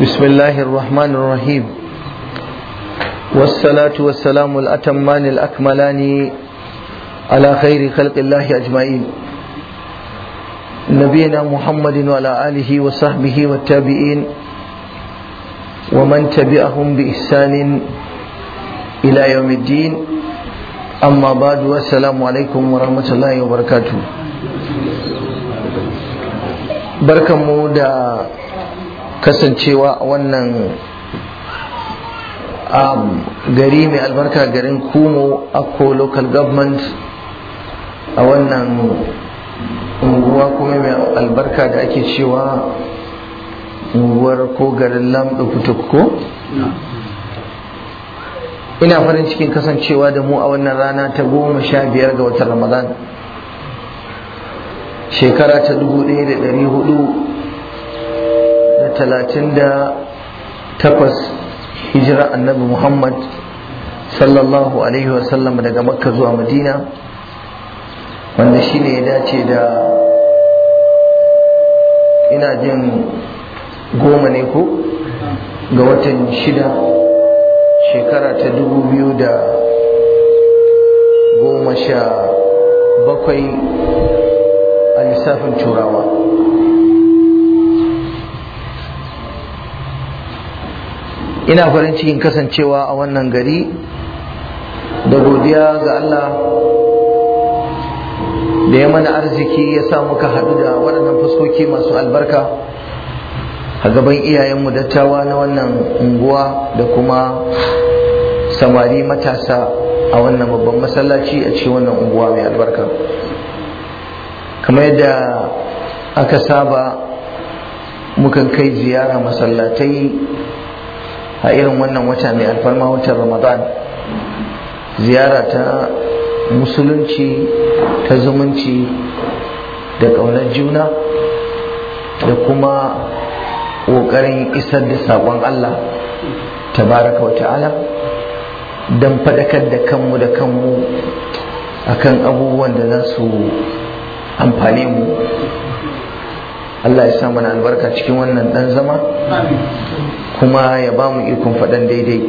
بسم الله الرحمن الرحيم والصلاة والسلام الأتمان الأكملان على خير خلق الله أجمعين نبينا محمد وعلى آله وصحبه والتابعين ومن تبعهم بإحسان إلى يوم الدين أما بعد والسلام عليكم ورحمة الله وبركاته بركة مودة kasancewa a wannan um, gari mai albarka garin kumo ko local government a wannan unguwa kuma mai albarka da ake cewa unguwar ko garin lamɗa ko ina farin cikin kasancewa da mu a wannan rana ta goma sha biyar ga watan ramadan shekara ta dubu ɗaya da ɗari hudu talatin da takwas hijira annabi muhammad sallallahu alaihi wasallam daga makka zuwa madina wanda shi ne ya dace da ina jin goma ne ko ga watan shida shekara ta dubu biyu da goma sha bakwai a lissafin turawa ina farin cikin kasancewa a wannan gari da godiya ga Allah da ya mana arziki ya sa muka haɗu da waɗannan fuskoki masu albarka a gaban iyayenmu dattawa na wannan unguwa da kuma samari matasa a wannan babban masallaci a cikin wannan unguwa mai albarka kamar yadda aka saba mukan kai ziyara masallatai a irin wannan wata mai alfarma watan ramadan ziyara ta musulunci ta zumunci da ƙaunar juna da kuma ƙoƙarin isar da saƙon Allah tabaraka wa ta'ala don faɗakar da kanmu da kanmu akan abubuwan da za su amfane mu Allah ya sa mana albarka cikin wannan dan zama kuma ya ba mu ikon faɗan daidai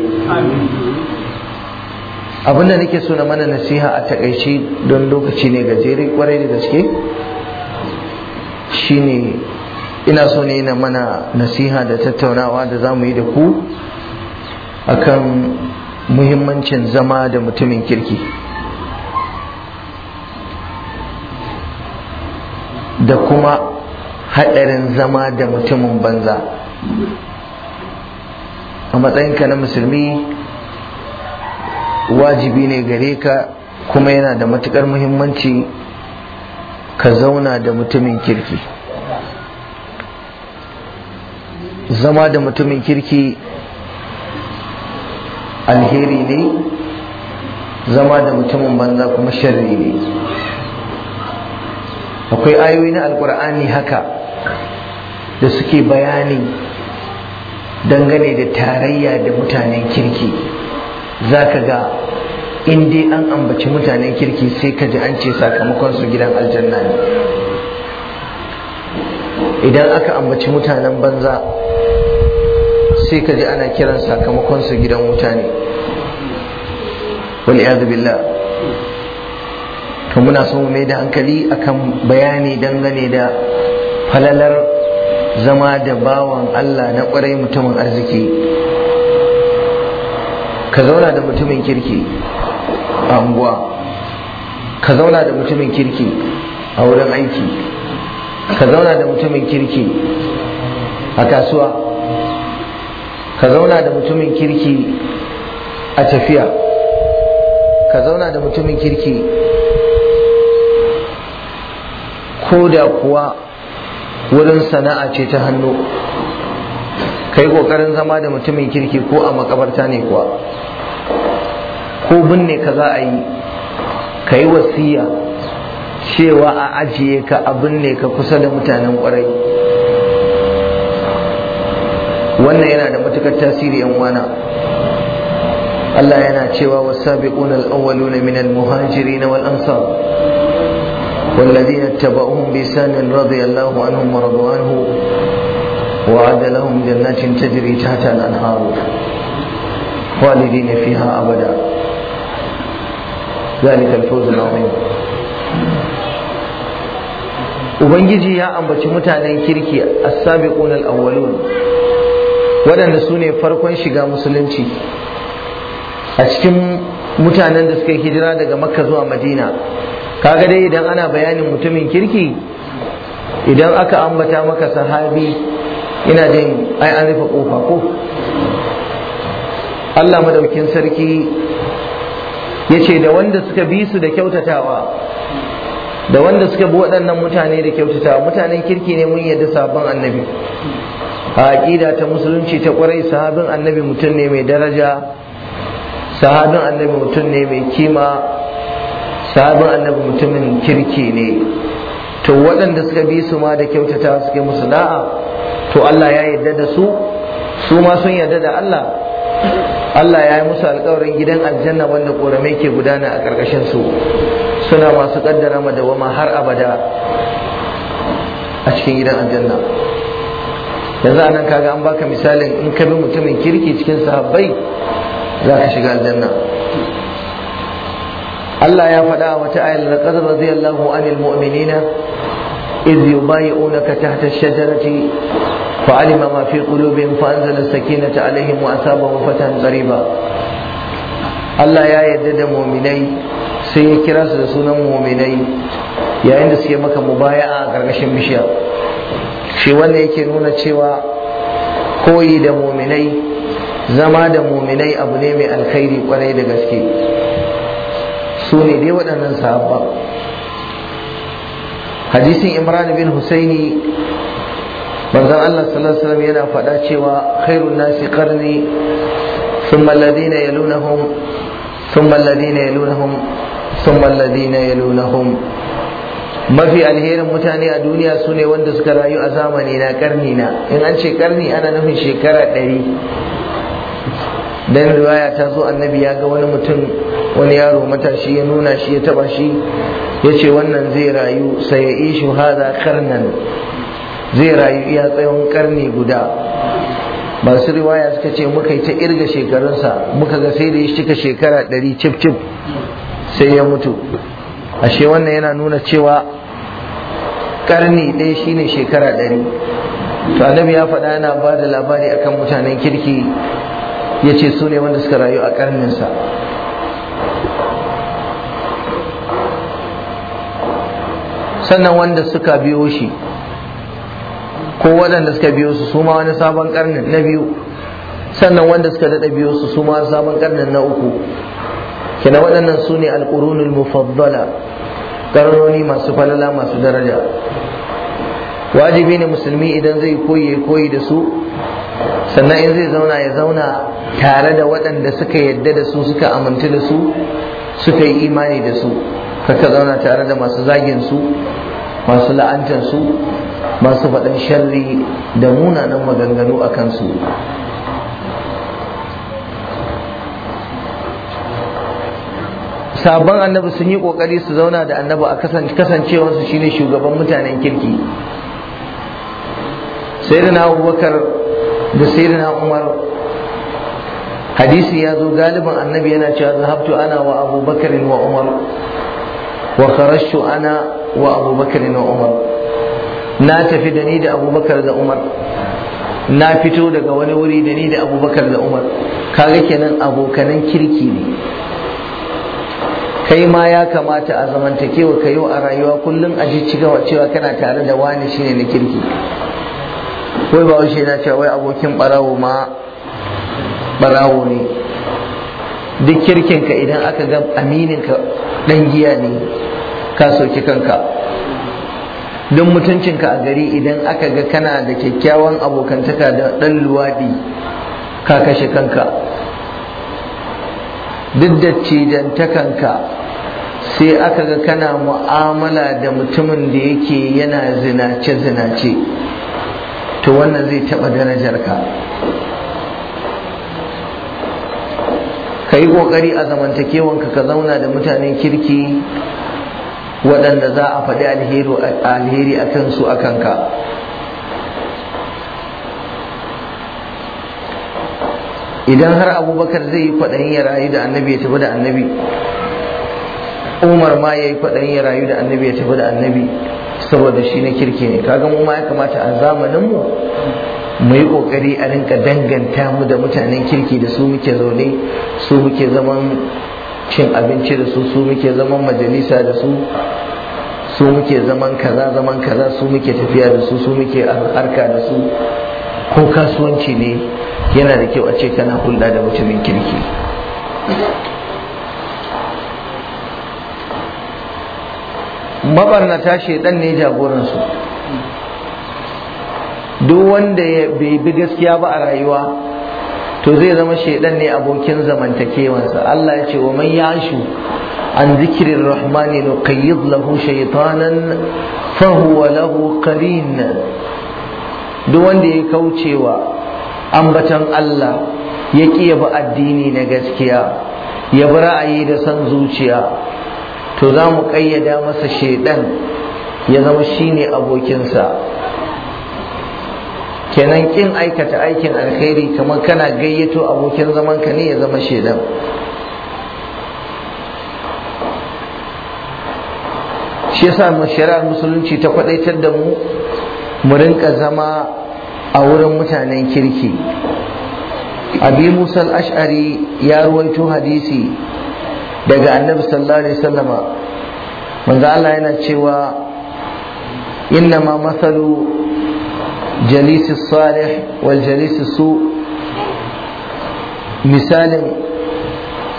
abin da nake so na mana nasiha a takaici don lokaci ne gajere kwarai da gaske shine ina so ne na mana nasiha da tattaunawa da za yi da ku akan muhimmancin zama da mutumin kirki da kuma haɗarin zama da mutumin banza a matsayinka na musulmi wajibi ne gare ka kuma yana da matukar muhimmanci ka zauna da mutumin kirki zama da mutumin kirki alheri ne zama da mutumin banza kuma sharri ne akwai ayoyi na alkur'ani haka da suke bayani dangane da tarayya da mutanen kirki za ka ga in dai an ambaci mutanen kirki sai ka ji an ce sakamakon su gidan aljanna ne idan aka ambaci mutanen banza sai ka ji ana kiran sakamakon su gidan wuta ne billah to muna so mai da hankali akan bayani dangane da falalar zama da bawan Allah na ƙwarai mutumin arziki ka zauna da mutumin kirki a unguwa ka zauna da mutumin kirki a wurin aiki ka zauna da mutumin kirki a kasuwa ka zauna da mutumin kirki a tafiya ka zauna da mutumin kirki ko da kuwa wurin sana'a ce ta hannu kai kokarin zama da mutumin kirki ko a makabarta ne kuwa ko binne ka za a yi ka yi wasiya cewa a ajiye ka a binne ka kusa da mutanen kwarai wannan yana da matukar tasiri yan wana Allah yana cewa wasabiqunal awwaluna na muhajirin wal ansar والذين اتبعوهم بإحسان رضي الله عنهم ورضوانه وعد لهم جنات تجري تحت الأنهار خالدين فيها أبدا ذلك الفوز العظيم Ubangiji ya ambaci mutanen kirki as-sabiqun al-awwalun waɗanda su ne farkon shiga musulunci a cikin mutanen da suka hijira daga makka zuwa madina kaga dai idan ana bayanin mutumin kirki idan aka ambata maka sahabi ina jin ai an rufe kofa ko Allah madaukin sarki ya ce da wanda suka bi su da kyautatawa da wanda suka bi waɗannan mutane da kyautatawa mutanen kirki ne mun yadda sabon annabi a aƙida ta musulunci ta ƙwarai sahabin annabi mutum ne mai daraja sahabin annabi mutum ne mai kima sabon annabi mutumin kirki ne to waɗanda suka bi su ma da kyautata suke musu da'a to Allah ya yarda da su su ma sun yarda da Allah Allah ya yi musu alƙawarin gidan aljanna wanda ƙorame ke gudana a ƙarƙashin su suna masu ƙaddara madawama har abada a cikin gidan aljanna yanzu a nan kaga an baka misalin in ka bi mutumin kirki cikin sahabbai za ka shiga aljanna Allah ya faɗa a wata ayar laqad radiyallahu anil mu'minina إذ يبايعونك alima الشجرة فعلم ما في قلوبهم فأنزل السكينة عليهم وأثابهم fatan قريبا Allah ya yarda da muminai sai ya kira su da sunan muminai yayin da suke maka mubaya'a a ƙarƙashin bishiya shi wanda yake nuna cewa koyi da muminai zama da muminai abu ne mai alkhairi kwarai da gaske su ne dai waɗannan sahabba hadisin imran bin husaini manzon Allah sallallahu alaihi wasallam yana faɗa cewa khairun nasi qarni ثم الذين يلونهم ثم الذين يلونهم ثم الذين يلونهم mafi alherin mutane a duniya su ne wanda suka rayu a zamani na karni na in an ce karni ana nufin shekara ɗari don riwaya ta zo annabi ya ga wani mutum wani yaro matashi ya nuna shi ya taba shi ya ce wannan zai rayu sai ya ishu haza karnan zai rayu ya tsayon karni guda masu riwaya suka ce muka yi ta irga shekarunsa muka ga sai da ya cika shekara ɗari cif cif sai ya mutu ashe wannan yana nuna cewa karni ɗaya shine shekara ɗari to annabi ya faɗa yana ba da labari akan mutanen kirki ya ce su ne wanda suka rayu a karninsa sannan wanda suka biyo shi ko waɗanda suka biyo su su ma wani sabon karnin na biyu sannan wanda suka daɗa biyo su su ma sabon karnin na uku kina waɗannan su ne alƙurunin mufaddala ƙarnoni masu falala masu daraja wajibi ne musulmi idan zai koyi koyi da su sannan in zai zauna ya zauna tare da waɗanda suka yadda da su suka amintu da su suka yi imani da su kaka zauna tare da masu zagin su masu la'antarsu masu faɗin sharri da munanan maganganu a kansu sabon annabi sun yi ƙoƙari su zauna da annabi a kasancewarsu shine shugaban mutanen kirki da abubakar da da umar hadisi ya zo galibin annabi yana cewa zahabtu ana wa abubakar wa umar wa kharashtu ana wa abubakar na umar na tafi da ni da abubakar da umar na fito daga wani wuri da ni da abubakar da umar kaga kenan abokanan kirki ne kai ma ya kamata a zamantakewa ka yau a rayuwa kullum a ji cewa kana tare da wani shine na kirki wai ba shi na cewa wai abokin barawo ma barawo ne duk kirkinka idan aka ga amininka ɗan giya ne ka soki kanka Duk mutuncinka a gari idan aka ga kana da kyakkyawan abokantaka da ɗan luwaɗi ka kashe kanka duk da cidantakanka sai aka ga kana mu'amala da mutumin da yake yana zinace-zinace to wannan zai taɓa darajarka ka yi ƙoƙari a zamantakewanka ka zauna da mutanen kirki waɗanda za a faɗi alheri a kansu a kanka idan har abubakar zai yi kwaɗayin ya rayu da annabi ya tafi da annabi umar ma ya yi kwaɗayin ya rayu da annabi ya tafi da annabi saboda shi na kirki ne kaga mu ma ya kamata a zamaninmu mu yi kokari a rinka danganta mu da mutanen kirki da su muke zaune su muke zaman cin abinci da su su muke zaman majalisa da su su muke zaman kaza zaman kaza su muke tafiya da su su muke harka da su ko kasuwanci ne yana da kyau a ce kana hulɗa da mutumin kirki mabarnata shaidan ne jagoransu duk wanda bai bi gaskiya ba a rayuwa to zai zama shaidan ne abokin zamantakewansa Allah ya ce wa man yashu an zikirin rahmani nuqayyid lahu shaytanan fa huwa lahu qarin duk wanda ya kaucewa ambatan Allah ya kiya addini na gaskiya ya bi ra'ayi da son zuciya to za mu kayyada masa shaidan ya zama shine abokinsa kenan kin aikata aikin alkhairi kamar kana gayyato abokin zaman ka ne ya zama shaidan shi yasa mu shari'ar musulunci ta kwadaitar da mu mu rinka zama a wurin mutanen kirki abi musa ashari ya ruwaito hadisi daga annabi sallallahu alaihi wasallama manzo Allah yana cewa inna ma masalu jalisi salih wal su misalin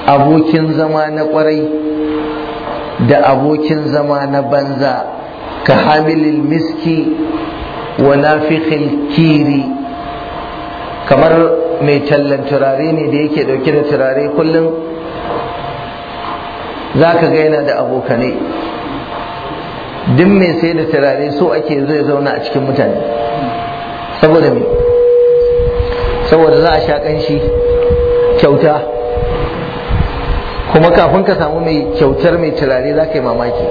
abokin zama na kwarai da abokin zama na banza ka hamilil miski wa nafikhil kiri kamar mai tallan turare ne da yake ɗauke da turare kullum za ka ga yana da abokanai duk mai sai da turare so ake zai zauna a cikin mutane saboda me saboda za a sha kanshi kyauta kuma kafin ka samu mai kyautar mai turare za ka yi mamaki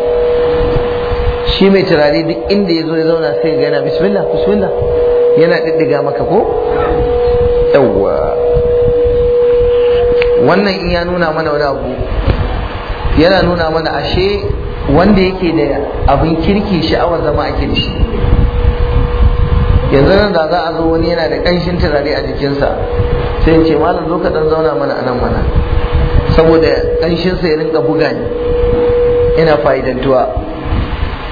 shi mai turare duk inda ya zo ya zauna sai ga yana bismillah bismillah yana diddiga maka ko yawwa wannan in ya nuna mana wani abu yana nuna mana ashe wanda yake da abin kirki sha'awar zama ake da shi yanzu nan da za a zo wani yana da ƙanshin turare a jikinsa sai ce malam zo ka dan zauna mana anan mana saboda ƙanshinsa ya rinka buga ni ina fa'idantuwa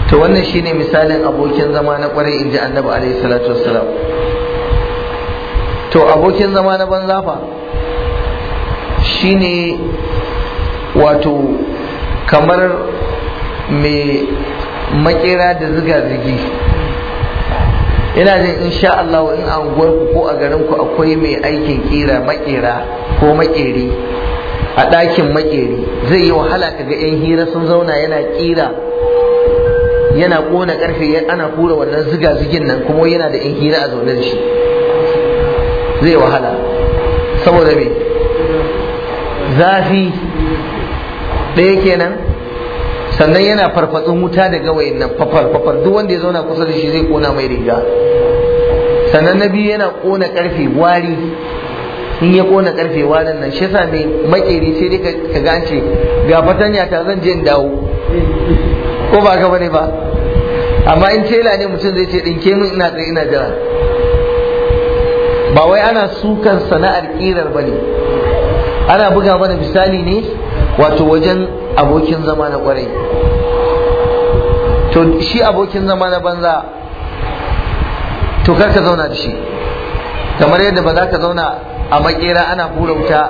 to wannan shine misalin abokin zama na kwarai inji annabi alaihi salatu wassalam to abokin zama na banza fa shine wato kamar mai makera da ziga-zigi ina jin in sha Allah in a unguwarku ko a garin ku akwai mai aikin kira makera ko makeri a ɗakin makeri zai yi wahala ka ga 'yan hira sun zauna yana kira yana ƙona ƙarfe ana kura wannan ziga-zigin nan kuma yana da 'yan hira a zaune shi zai wahala saboda me zafi ɗaya kenan sannan yana farfatsun wuta daga wayannan fafar fafar duk wanda ya zauna kusa da shi zai kona mai riga sannan na biyu yana kona karfe wari in ya kona karfe warin nan shi yasa mai makeri sai dai ka gance ga fatanya ta zan je in dawo ko ba ka bane ba amma in tela ne mutum zai ce dinke min ina tsaye ina jira ba wai ana sukan sana'ar kirar bane ana buga mana misali ne wato wajen abokin zama na kwarai to shi abokin zama na banza to kar zauna da shi kamar yadda ba za ka zauna a makera ana hura wuta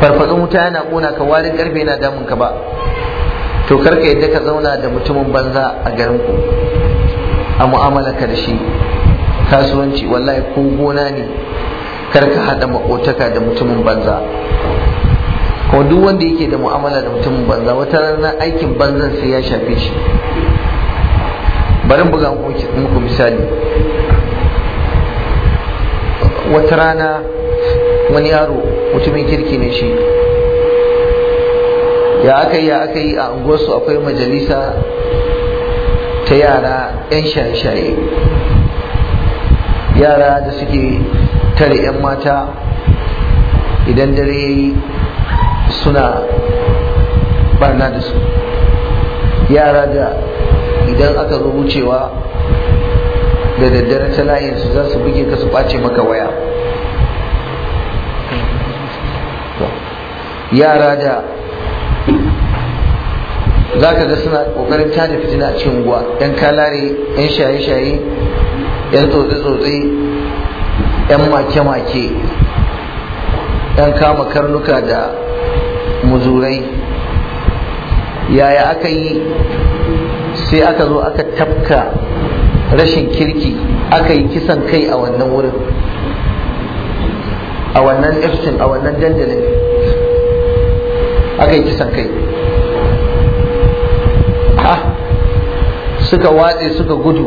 farfadin wuta yana kona ka warin karfe yana damun ka ba to kar ka yadda ka zauna da mutumin banza a garin ku a mu'amala ka da shi kasuwanci wallahi ko gona ne kar ka hada makotaka da mutumin banza kuma duk wanda yake da mu'amala da mutum banza wata rana aikin banzan sai ya shafe shi bari buga muku misali wata rana wani yaro mutumin kirki ne shi ya aka yi ya aka yi a unguwarsu akwai majalisa ta yara 'yan shaye-shaye yara da suke tare 'yan mata idan dare ya yi suna barna da su yara da idan aka zo wucewa da daddare ta layinsu za su buge ka su ɓace maka waya yara da za ka ga suna ƙoƙarin tada fitina cikin guwa yan kalare yan shaye-shaye yan tsotse-tsotse yan make-make yan kama karnuka da muzurai yaya aka yi sai aka zo aka tafka rashin kirki aka yi kisan kai a wannan wurin a wannan iftin a wannan dandalin aka yi kisan kai ha suka watse suka gudu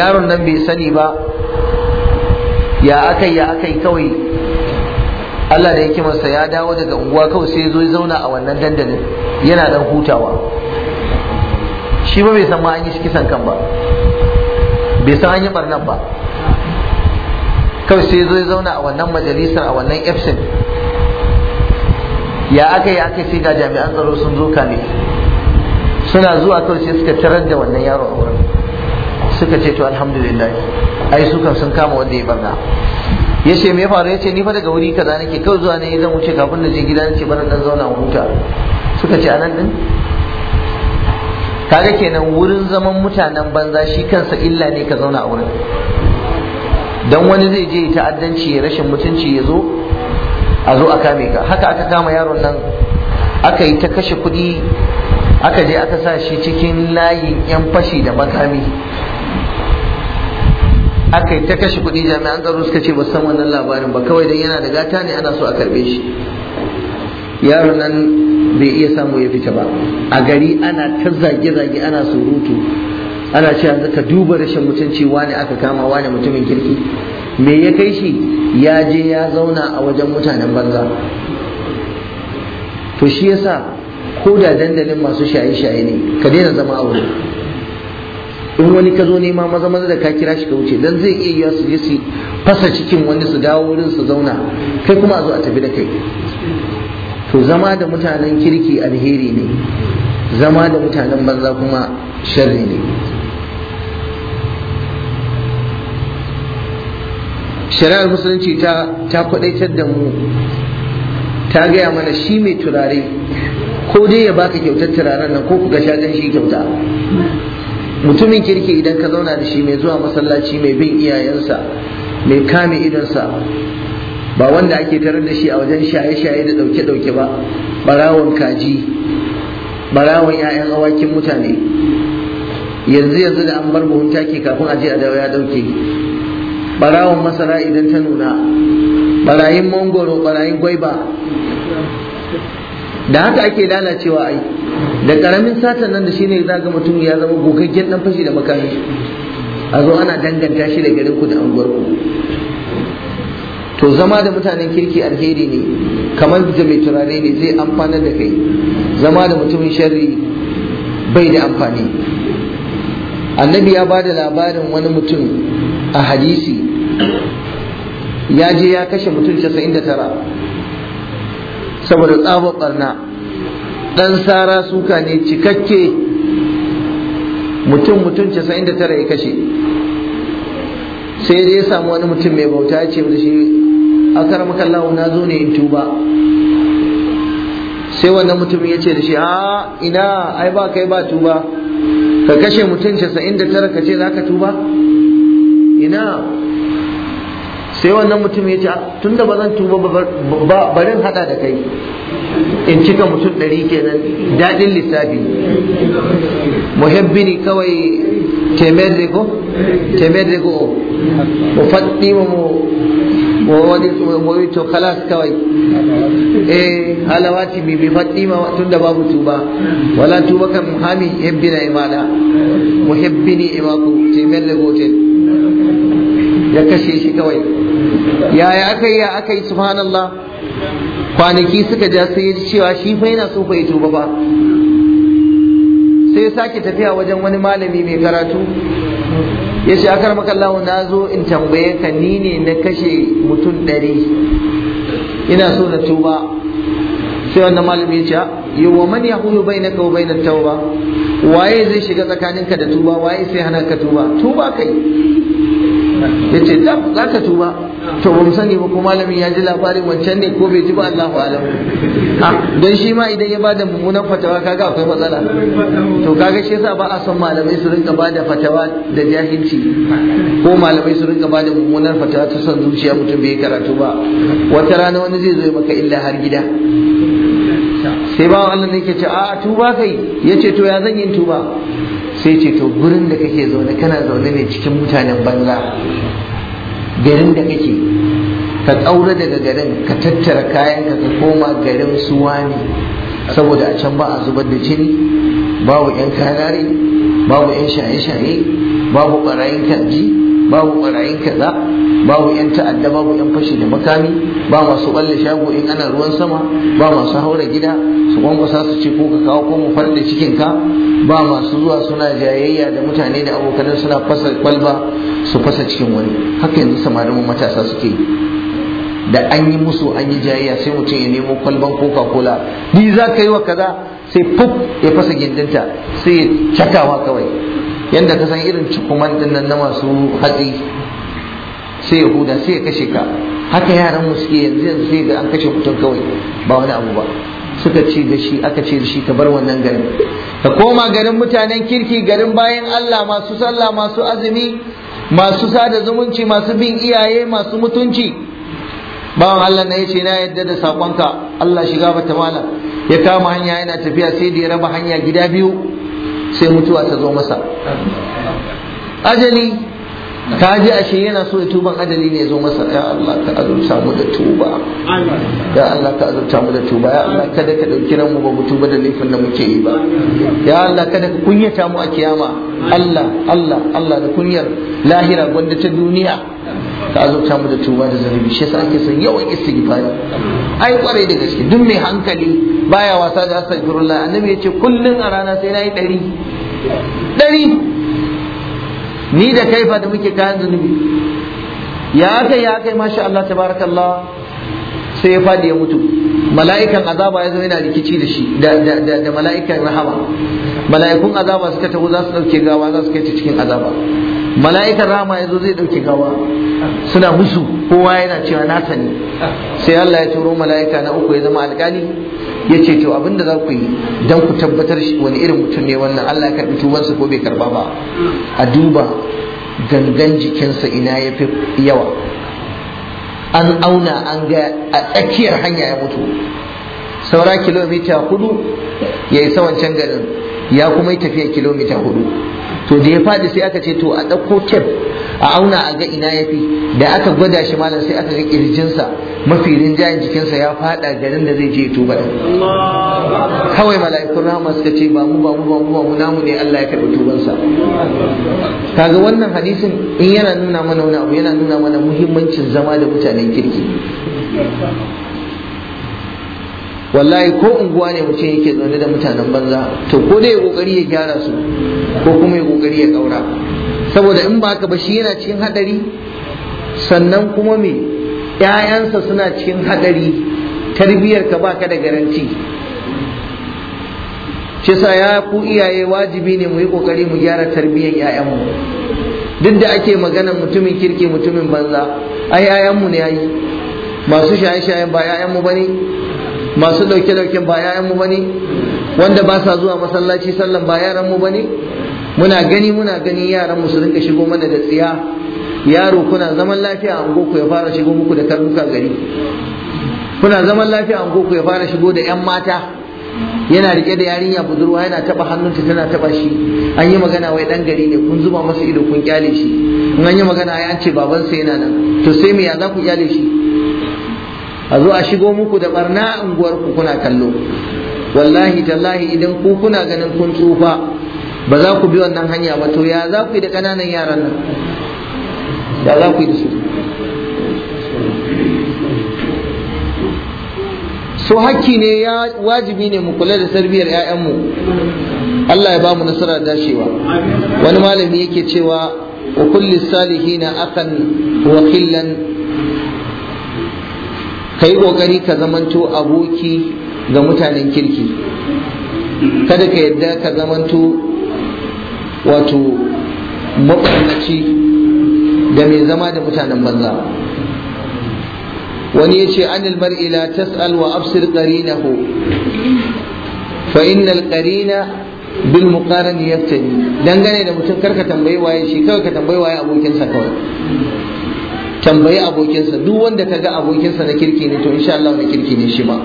yaron nan bai sani ba ya aka yi ya aka yi kawai Allah da yake masa ya dawo daga unguwa kawai sai zo ya zauna a wannan dandalin yana dan hutawa shi ba bai san ma an yi shi kisan kan ba bai san an yi barnan ba kawai sai zo ya zauna a wannan majalisar a wannan efsin ya aka yi aka sai ga jami'an tsaro sun zo kame suna zuwa kawai sai suka tarar da wannan yaro a wurin suka ce to alhamdulillah ai sukan sun kama wanda ya barna ya ce me faru ya ce ni fa daga wuri kaza nake kawai zuwa ne zan wuce kafin na je gida ce bana nan zauna huta suka ce anan din kaga kenan wurin zaman mutanen banza shi kansa illa ne ka zauna a wurin dan wani zai je ta'addanci ya rashin mutunci ya zo a zo a kame ka haka aka kama yaron nan aka yi ta kashe kuɗi aka je aka sa shi cikin layin 'yan fashi da makami aka yi ta kashe kuɗi jami'an tsaro suka ce ba san wannan labarin ba kawai dan yana da gata ne ana so a karbe shi yaron nan bai iya samu ya fita ba a gari ana ta zage-zage ana surutu ana ce yanzu ka duba rashin mutunci wani aka kama wani mutumin kirki me ya kai shi ya je ya zauna a wajen mutanen banza to shi yasa ko da dandalin masu shaye-shaye ne ka daina zama a wurin in wani ka zo nema maza maza da ka kira shi ka wuce dan zai iya yiwa su je su fasa cikin wani su dawo wurin su zauna kai kuma a zo a tafi da kai to zama da mutanen kirki alheri ne zama da mutanen banza kuma sharri ne shari'ar musulunci ta ta kwadaitar da mu ta gaya mana shi mai turare ko dai ya baka kyautar turaren nan ko ku ga shagan shi kyauta mutumin kirki idan ka zauna da shi mai zuwa masallaci mai bin iyayensa mai kame idonsa ba wanda ake tarar da shi a wajen shaye-shaye da ɗauke-ɗauke ba barawon kaji barawon 'ya'yan awakin mutane yanzu yanzu da an bar buhun take kafin a je a dawo ya ɗauke barawon masara idan ta nuna barayin mangoro barayin gwaiba da haka ake lalacewa ai da karamin satan nan da shine za ga mutum ya zama gogaggen dan fashi da makami a zo ana danganta shi da garin ku da anguwar ku to zama da mutanen kirki alheri ne kamar da mai turare ne zai amfana da kai zama da mutumin sharri bai da amfani annabi ya ba da labarin wani mutum a hadisi ya je ya kashe mutum 99 saboda tsabar barna dan sara suka ne cikakke mutum mutum 99 ya kashe sai dai ya samu wani mutum mai bauta ya ce mu shi akaramaka Allah na zo ne in tuba sai wannan mutum ya ce da shi a ina ai ba kai ba tuba ka kashe mutum 99 ka ce za ka tuba ina sai wannan mutum ya ce tun da ba zan tuba ba barin hada da kai in cika mutum ɗari kenan daɗin lissafi muhibbini kawai temer rego temer rego mu faɗi mu wani tsumomi to kalas kawai eh halawaci bi bi faɗi ma tun da babu tuba wala tuba kan hami na imada e muhibbini imaku e temer rego gotel. ya kashe shi kawai yaya aka yi ya aka yi subhanallah kwanaki suka ja sai ya ji cewa shi fa yana so fa ya tuba ba sai ya sake tafiya wajen wani malami mai karatu ya ce akar makallahu na zo in tambaye ka ni ne na kashe mutum ɗari ina so na tuba sai wannan malami ya ce wa man na bainaka wa bainat tauba waye zai shiga tsakaninka da tuba waye sai hana ka tuba tuba kai yace da za ka tuba to ba mu sani ba ko malamin ya ji labarin wancan ne ko bai ji ba Allahu alam don shi ma idan ya bada mummunan fatawa kaga akwai matsala to kaga shi yasa ba a son malamai su rinka bada fatawa da jahilci ko malamai su rinka bada mummunar fatawa ta son zuciya mutum bai karatu ba wata rana wani zai zo maka illa har gida sai ba Allah ne ke ce a tuba kai yace to ya zan yin tuba sai ce to gurin da kake zaune kana zaune ne cikin mutanen banza garin da kake ka tsaura daga garin ka tattara kayan ka koma garin suwa ne saboda a can ba a zubar da jini babu 'yan kanare babu 'yan shaye-shaye babu ɓarayin kaji babu ɓarayin kaza babu yan ta'adda babu yan fashi da makami ba masu balle shago in ana ruwan sama ba masu haura gida su kwankwasa su ce ko ka kawo ko mu farda cikin ka ba masu zuwa suna jayayya da mutane da abokanai suna fasa kwalba su fasa cikin wani haka yanzu samarin mu matasa suke yi da an yi musu an yi jayayya sai mutum ya nemo kwalban coca cola ni za ka yi wa kaza sai fuf ya fasa gindinta sai ya cakawa kawai yadda ka san irin cikuman dinnan na masu hatsi sai ya huda sai ya kashe ka haka yaran mu suke yanzu yanzu sai ga an kashe mutum kawai ba wani abu ba suka ce da shi aka ce da shi ka bar wannan garin ka koma garin mutanen kirki garin bayan Allah masu sallah masu azumi masu sada zumunci masu bin iyaye masu mutunci bawan Allah na yace na yadda da sakonka Allah shiga bata mala ya kama hanya yana tafiya sai da ya raba hanya gida biyu sai mutuwa ta zo masa ajali ka ji ashe yana so ya tuban adali ne ya zo masa ya Allah ka azurta mu da tuba ya Allah ka azurta mu da tuba ya Allah kada ka dauki ranmu ba mu tuba da laifin da muke yi ba ya Allah kada ka kunyata mu a kiyama Allah Allah Allah da kunyar lahira gwanda ta duniya ka azurta mu da tuba da zanibi shi yasa ake son yawan istighfari ai kwarai da gaske duk mai hankali baya wasa da astaghfirullah annabi yace kullun a rana sai nayi 100 100 ni da kai fa da muke kayan zunubi ya kai ya kai masha Allah tabarakallah sai ya fadi ya mutu mala'ikan azaba ya zo yana rikici da shi da mala'ikan rahama mala'ikun azaba suka taho za su dauke gawa za su kai ta cikin azaba mala'ikan rahama ya zo zai dauke gawa suna musu kowa yana cewa na sani sai Allah ya turo mala'ika na uku ya zama alkali ya ce to da za ku yi don ku tabbatar wani irin mutum ne wannan Allah ya karɓi tubansa ko bai karɓa ba a duba gangan jikinsa ina ya fi yawa an auna an ga a tsakiyar hanya ya mutu saura kilomita hudu ya isa wancan garin ya kuma yi tafiya kilomita hudu to da ya faɗi sai aka ce to a ɗauko tef a auna a ga ina ya fi da aka gwada shi malam sai aka ga kirjinsa mafi rinjayen jikinsa ya fada garin da zai je tuba da kawai mala'ikun rahama suka ce ba mu ba mu ba mu ba mu namu ne Allah ya karɓi tubansa kaga wannan hadisin in yana nuna mana wani abu yana nuna mana muhimmancin zama da mutanen kirki wallahi ko unguwa ne mutum yake zaune da mutanen banza to ko dai ya kokari ya gyara su ko kuma ya kokari ya kaura saboda in ba haka ba shi yana cikin hadari sannan kuma me ƴaƴansa suna cikin hadari tarbiyar ka baka da garanti shi sa ya ku iyaye wajibi ne mu yi kokari mu gyara tarbiyyar ƴaƴanmu duk da ake magana mutumin kirki mutumin banza ai ƴaƴanmu ne yayi masu shaye-shayen ba ƴaƴanmu bane masu dauke-dauken ba ƴaƴanmu bane wanda ba sa zuwa masallaci sallan ba yaranmu bane muna gani muna gani yaran mu su rinka shigo mana da tsiya yaro kuna zaman lafiya a ku ya fara shigo muku da karnuka gari kuna zaman lafiya a ku ya fara shigo da yan mata yana rike da yarinya budurwa yana taba hannunta tana taba shi an yi magana wai dan gari ne kun zuba masa ido kun kyale shi in an yi magana ai an ce baban sa yana nan to sai me ya za ku kyale shi a zo a shigo muku da barna unguwar ku kuna kallo wallahi tallahi idan ku kuna ganin kun tsufa ba za ku bi wannan hanya ba to ya za ku yi da ƙananan yaran nan ya za ku yi da su so hakki ne ya wajibi ne mu kula da sarbiyar 'ya'yanmu Allah ya ba mu nasara dashewa wani malami yake cewa wa kulli salihina akan wa killan kai kokari ka zamanto aboki ga mutanen kirki kada ka yadda ka zamanto wato mabarnaci da mai zama da mutanen banza wani ya ce anil mar'i la tas'al wa absir qarinahu fa innal qarina bil muqaran yaftani dangane da mutum karka tambayi waye shi kawai ka tambayi waye abokinsa kawai tambayi abokinsa duk wanda kaga abokinsa na kirki ne to insha Allah na kirki ne shi ma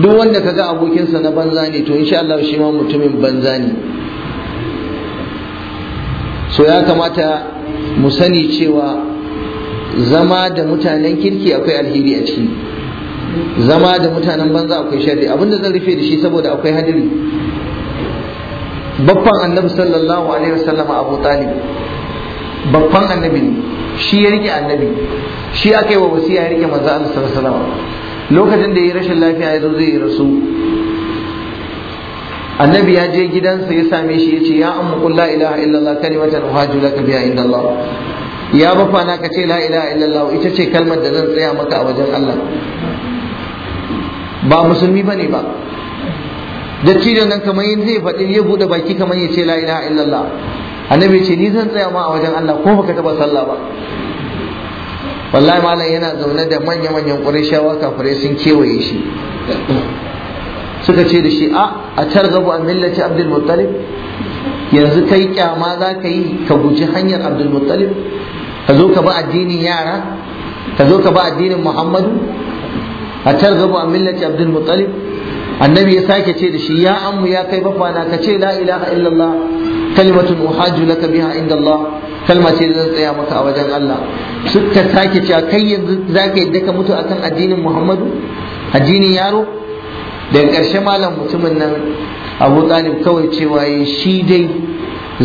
duk wanda kaga abokinsa na banza ne to insha Allah shi ma mutumin banza ne so ya kamata mu sani cewa zama da mutanen kirki akwai alheri a ciki zama da mutanen banza akwai sharri abinda zan rufe da shi saboda akwai hadiri babban annabi sallallahu alaihi wasallama abu talib babban annabi ne shi ya rike annabi shi aka yi wa wasiya ya rike manzo Allah sallallahu alaihi wasallama lokacin da ya rashin lafiya ya zo zai rasu annabi ya je gidansa ya same shi ya ce ya ammu qul la ilaha illallah kalimatan uhaju laka biha inda Allah ya bafa na ka ce la ilaha illallah ita ce kalmar da zan tsaya maka a wajen Allah ba musulmi bane ba dattijan nan kamar yin zai faɗi ya buɗe baki kamar ya ce la ilaha illallah annabi ce ni zan tsaya ma a wajen Allah ko baka taba sallah ba wallahi malam yana zaune da manya-manyan ƙurashawa kafirai sun kewaye shi suka ce da shi ah, a a targabu a millati abdul muttalib yanzu kai kyama za ka yi ka guji hanyar abdul muttalib ka zo ka ba addinin yara ka zo ka ba addinin muhammadu a targabu a millati abdul muttalib annabi ya sake ce da shi ya ammu ya kai bafana ka ce la ilaha illallah kalimatun uhajju laka biha inda Allah kalma ce zan tsaya maka a wajen Allah suka sake cewa kai yanzu za ka yadda ka mutu akan addinin Muhammadu addinin yaro daga ƙarshe malam mutumin nan abu talib kawai cewa ya shi dai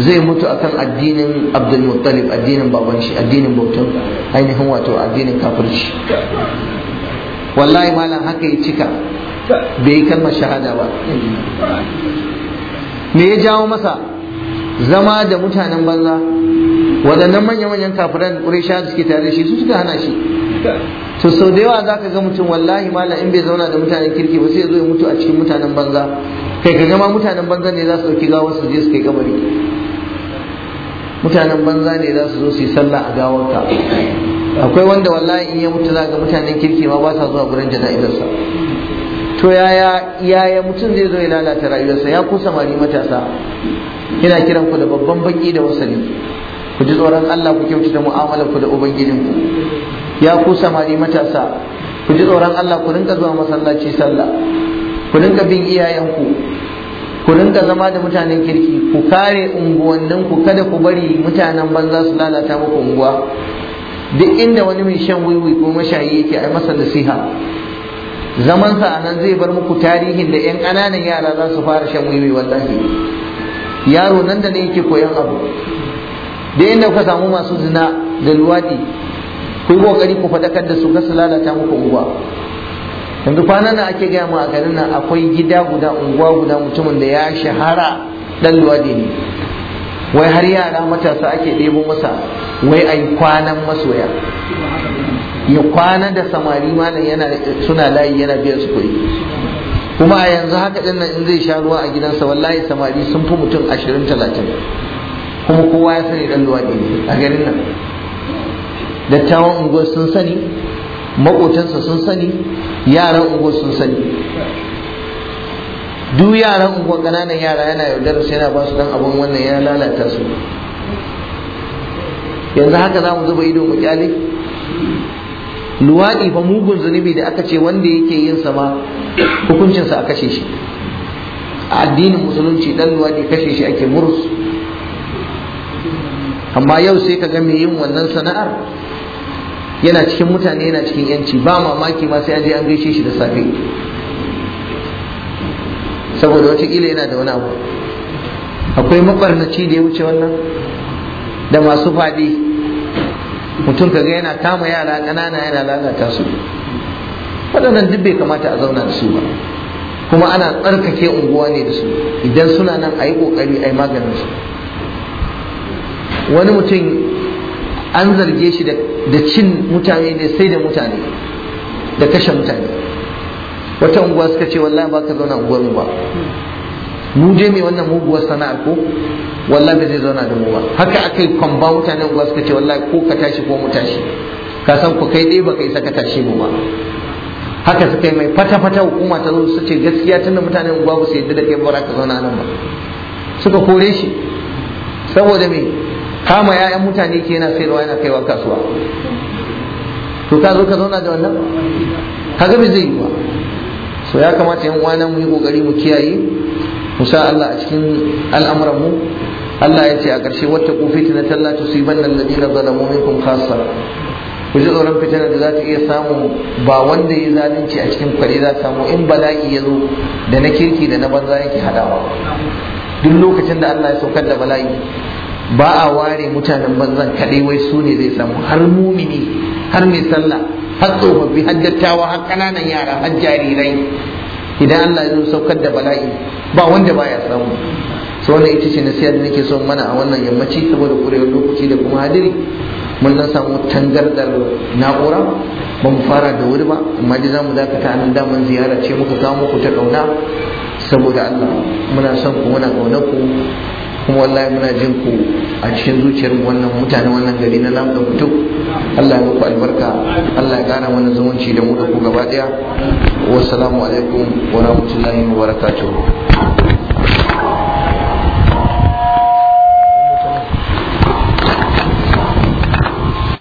zai mutu akan addinin abdulmuttalib addinin baban shi addinin bautan ainihin wato addinin kafirci wallahi malam haka ya cika bai yi kalmar shahada ba me ya jawo masa zama da mutanen banza waɗannan manya-manyan kafiran ƙurisha suke tare da shi su suka hana shi to sau da yawa zaka ga mutum wallahi mala in bai zauna da mutanen kirki ba sai ya zo ya mutu a cikin mutanen banza kai ka gama mutanen banza ne za su ɗauki gawar su je su kai kabari mutanen banza ne za su zo su yi sallah a gawarka akwai wanda wallahi in ya mutu za ga mutanen kirki ma ba sa zuwa gurin jana'izarsa to yaya yaya mutum zai zo ya lalata rayuwarsa ya ku samari matasa ina kiran ku da babban baki da wasali ku ji tsoron Allah ku kyautata mu'amalar ku da ubangijinku ya ku samari matasa ku ji tsoron Allah ku rinka zuwa masallaci sallah ku rinka bin iyayenku ku rinka zama da mutanen kirki ku kare unguwanninku kada ku bari mutanen banza su lalata muku unguwa duk inda wani mai shan wiwi ko mashayi yake ai masa nasiha zaman sa anan zai bar muku tarihin da yan ƙananan yara za su fara shan wiwi wallahi yaro nan da ne yake koyan abu Duk inda kuka samu masu zina da luwadi ku yi kokari ku da su ka su lalata muku unguwa yanzu kwanan nan ake gaya mu a garin nan akwai gida guda unguwa guda mutumin da ya shahara dan luwadi ne wai har yara matasa ake ɗebo masa wai ai kwanan masoya ya kwana da samari malam yana suna layi yana biyan su kuɗi kuma a yanzu haka din nan in zai sha ruwa a gidansa wallahi samari sun fi mutum ashirin talatin kuma kowa ya sani dan luwadi ne a garin nan dattawan unguwar sun sani maƙotansa sun sani yaran unguwar sun sani duk yaran unguwar ƙananan yara yana yaudar su yana ba su dan abin wannan ya lalata su yanzu haka za mu zuba ido mu kyale luwaɗi fa mugun zunubi da aka ce wanda yake yin sama hukuncinsa a kashe shi a addinin musulunci dan luwaɗi kashe shi ake murus amma yau sai ka ga mai yin wannan sana'ar yana cikin mutane yana cikin yanci ba mamaki ma sai an je an gaishe shi da safe saboda watakila yana da wani abu akwai mabarnaci da ya wuce wannan da masu faɗi mutum kaga yana kama yara ƙanana yana lalata su waɗannan duk bai kamata a zauna da su ba kuma ana tsarkake unguwa ne da su idan suna nan a yi ƙoƙari a yi maganin su wani mutum an zarge shi da da cin mutane ne sai da mutane da kashe mutane wata unguwa suka ce wallahi ba ka zauna unguwar mu ba mu je mai wannan muguwar sana'ar ko wallahi ba zai zauna da mu ba haka aka yi kwamba mutane unguwa suka ce wallahi ko ka tashi ko mu tashi ka san ku kai ɗaya ba isa ka tashi mu ba haka suka yi mai fata-fata hukuma ta zo su ce gaskiya tunda mutane unguwa ba su yadda da kai ba ka zauna nan ba suka kore shi saboda me kama 'ya'yan mutane ke yana sayarwa yana kaiwa kasuwa to ka zo ka zauna da wannan Ka ga zai yi so ya kamata yan uwana mu yi kokari mu kiyaye mu sa Allah a cikin al'amuran mu Allah ya ce a ƙarshe wata kofi na talla ta su yi bannan ladina zalamu minkum khassa ku ji tsoron fitar da za ta iya samu ba wanda ya zalunci a cikin kwari za samu in bala'i ya zo da na kirki da na banza yake hadawa duk lokacin da Allah ya saukar da bala'i ba a ware mutanen banzan kadai wai su ne zai samu har mumini har mai sallah har tsofaffi har dattawa har kananan yara har jarirai idan Allah ya saukar da bala'i ba wanda ba ya samu so wannan ita ce nasiha da nake son mana a wannan yammaci saboda kurewar lokaci da kuma hadiri mun nan samu tangardar na'ura ba mu fara da wuri ba amma dai mu dakata anan daman ziyara ce muka kawo muku ta kauna saboda Allah muna son ku muna kaunar ku kuma wallahi muna jin ku a cikin zuciyar wannan mutane wannan gari na namu da mutum Allah ya muku albarka Allah ya kara mana zumunci da mu da ku gaba daya wassalamu alaikum wa rahmatullahi wa barakatuh